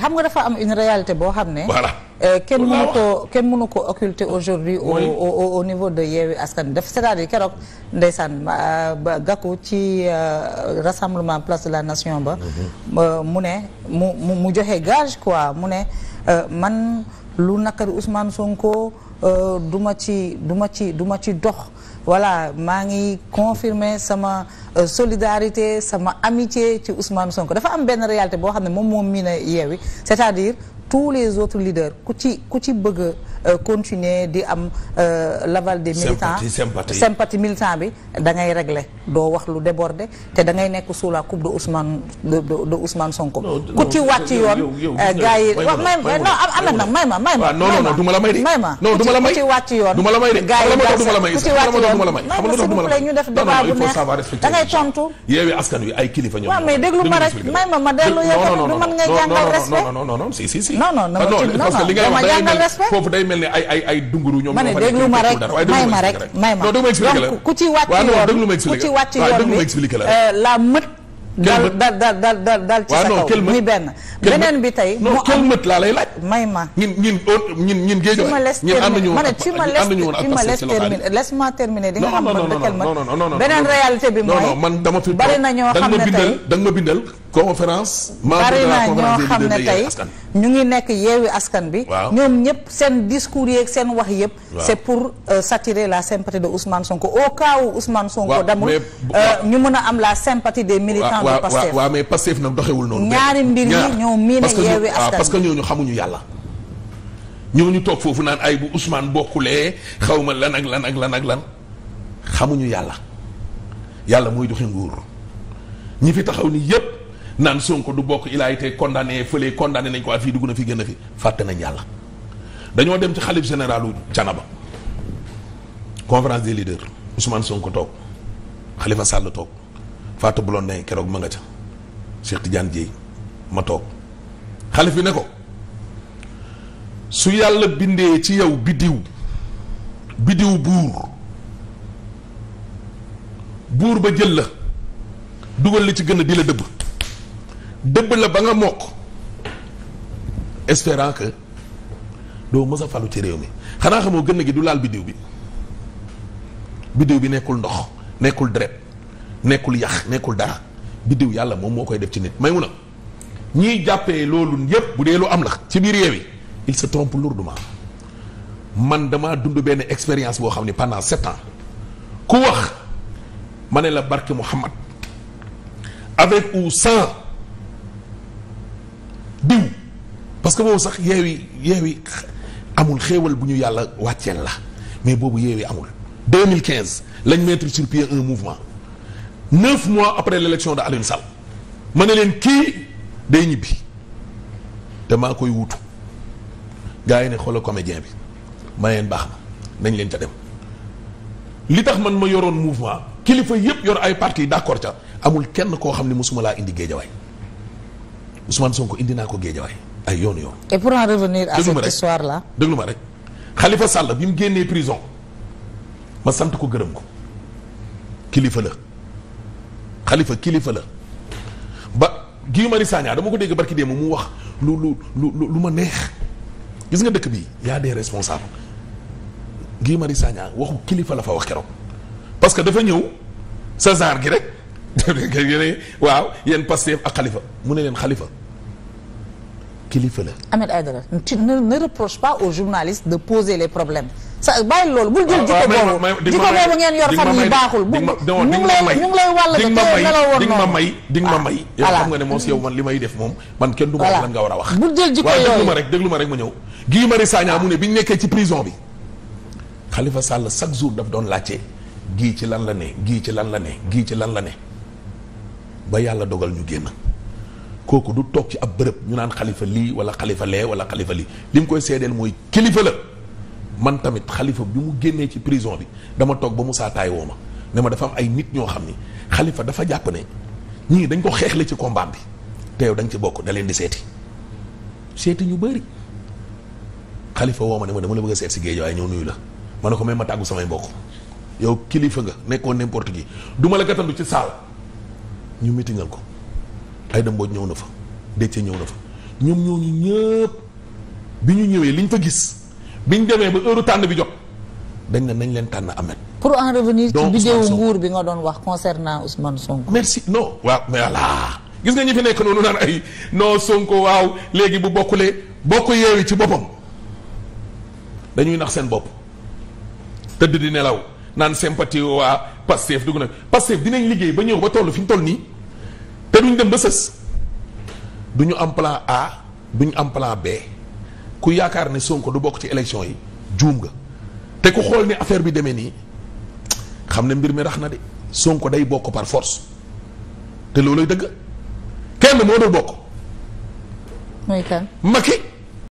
xam nga dafa am une réalité boo xam ne. voilà euh, kenn mënu ko kenn mënu ko occulter aujourd'hui au au niveau de Yewwi Askan def c'est-à-dire keroog ndeysaan ba Gakou ci euh, rassemblement place de la nation ba. Mhm. Euh, mu ne mu joxe gage quoi mu ne man lu nakari Ousmane Sonko. Euh, du ma ci du ma ci du ma ci dox voilà maa ngi confirmer sama euh, solidarité sama amitié ci Ousmane sonk dafa am benn réalité boo xam ne moom moom mii na yeewi c'est-à-dire tous les autres leaders ku ci ku ci bëgg a euh, continuer di am euh, l'aval des militants sympathie militant bi da ngay régler doo wax lu déborder te da ngay nekk sous la de Ousmane de Ousmane ku ci wàcc yoon euh, gars yi wax may non may ma may ma non ma may de may ma non du ma ci yoon du ma la may de gars yi ku ci wàcc yoon may ma ñu def débat bu neex da tontu yeewi askan wi ay kilifa ñoom waaw déglu ma rek may ma ma dellu yow du man ngay jàngal respect non ah, non non parce que li ngay wax day mel foofu day mel ni ay ay ay dunguru ñoom. ma ne déglu ma rek may ma rek may ma donc ku ci wàcc yoon ku ci wàcc yoon la euh, mët. dal dal dal dal dal ci sa kaw muy benn. beneen bi tey mu am quel mët laa lay laaj. may ma ñin ñin oh, ñin ñin géej ñin ma ne tu ma laisse terminer laisse ma terminer di nga xam man de quel mët. beneen réalité bi mooy bari na ñoo xam ne tey non non man dama fi da nga ma bindal da nga ma bindal conférence. membre de la conférence ñoo xam ne tey ñu ngi nekk yeewi askan bi. ñoom ñëpp seen discours yeeg seen wax yëpp. c'est est pour euh, saturer la sympathie de Ousmane Sonko au cas où Ousmane Sonko. damul euh, ñu mën a am la sympathie des militants de Pastef waaw mais Pastef nag doxewul noonu. ñaari mbir yi ñoo miine yeewi askan bi parce que ah, ñooñu xamuñu yàlla. ñooñu toog foofu naan ay bu Ousmane bokkulee xaw ma lan ak lan ak lan ak lan xamuñu yàlla yàlla mooy doxe nguur fi taxaw ni naan Sonko du bokk il a été condamné fële nañ ko ak fii dugg na fi a fi fàtte nañ yàlla dañoo dem ci xalif généralu Canaba conférence des leaders Ousmane Sonko toog xalifa Sall toog Fatou Blondin keroog ma nga ca Cheikh Tidiane Dieye ma toog xalif bi ne ko su yàlla bindee ci yow biddiw biddiw buur buur ba jël la dugal li ci gën a di la dëbb dëbb la ba nga mokk espérant que doo mës falu ci réew mi xanaa xamoo gën gi du laal biddiw bi biddiw bi nekkul ndox nekkul deret nekkul yax nekkul daa biddiw yàlla moom moo koy def ci nit may mun a ñiy jàppee loolu yépp bu dee lu am la ci biir yeewi il se trompe lourdement man dama dund benn expérience boo xam ne pendant sept ans ku wax ma ne la barke Muhammad avec ou sans parce que boobu sax yeewi yeewi amul xéewal bu ñu yàlla wàcceel la mais boobu yeewi amul 2015 lañ mettre sur pied un mouvement neuf mois après l'élection de Aliou Sall ma ne leen kii day ñibbi te maa koy wutu gaa yi ne xoolal comédien bi ma leen baax na nañ leen ca dem li tax man ma yoroon mouvement kilifa yépp yor ay parti d'accord ca amul kenn koo xam ne mosuma laa indi géejawaay Ousmane Sonko indi naa ko géejawaay ay yoon yoon. et pour en revenir à cette histoire là déglu ma rek Khalifa Sall bi mu génnee prison ma sant ko gërëm ko kilifa la Khalifa kilifa la ba Guy Marius Sagna dama ko dégg barki démb mu wax lu lu lu lu ma neex gis nga dëkk bi y a des responsables Guy Marius Sagna waxu kilifa la fa wax keroog parce que dafa ñëw César gi rek waaw yéen Pastef ak Khalifa mu ne leen Khalifa. kilifa la. Ahmed Aïdara tu ne ne reproche pas aux journalistes de poser les problèmes sa bàyyi loolu. bul jël jikko boobu jikko boobu ngeen yor fan yi baaxul. may di ah, may. yow xam nga ne moom si may def moom. man kenn du ma wax a wax. bul jël jikko yooyu waaw déglu ma rek déglu ma rek ma ñëw. Guy Marius Sagna mu ne bi nekkee ci prison bi. Khalifa Sall chaque jour daf doon laajte gii ci lan la ne gii ci lan la ne gii ci lan la ne ba yàlla dogal ñu génn kooku du toog ci ab bërëb ñu naan xalifa lii wala xalifa lee wala xalifa lii li mu koy seedeel mooy kilifa la man tamit xalifa bi mu génnee ci prison bi dama toog ba mu saataay woo ma ne ma dafa am ay nit ñoo xam ni xalifa dafa jàpp ne ñii dañ ko xeexle ci combat bi te yow dañ ci bokk da leen di seeti seeti ñu bari xalifa woo ma ne ma dama la bëgg a seet si géej waaye ñëw nuyu la ma ne ko même ma tàggu samay mbokk yow kilifa nga nekkoon n'importe qui du ma la gàttandu ci saal ñu mitingal ko Aïda Mbodj ñëw na fa Déthié ñëw na fa ñoom ñooñu ñëpp bi ñu ñëwee liñ fa gis bi ñu demee ba heure tànn bi jot dañ ne nañ leen tànn Ahmed. pour en revenir ci vidéo nguur bi nga doon wax concernant Ousmane Sonko. merci no waaw mais voilà gis nga ñi fi nekk noonu naan ay non Sonko waaw léegi bu bokkulee bokk yeewi ci boppam dañuy nax seen bopp tëdd di nelaw naan sympathie waa Pastef dugg na Pastef dinañ liggéey ba ñëw ba toll fi ñu toll nii. duñ dem ba sës duñu am plan A duñu am plan B ku yaakaar ne Sonko du bokk ci élection yi juum nga te ku xool ni affaire bi demee nii xam ne mbir mi rax na de Sonko day bokk par force te looloy dëgg kenn moo dul bokk. mooy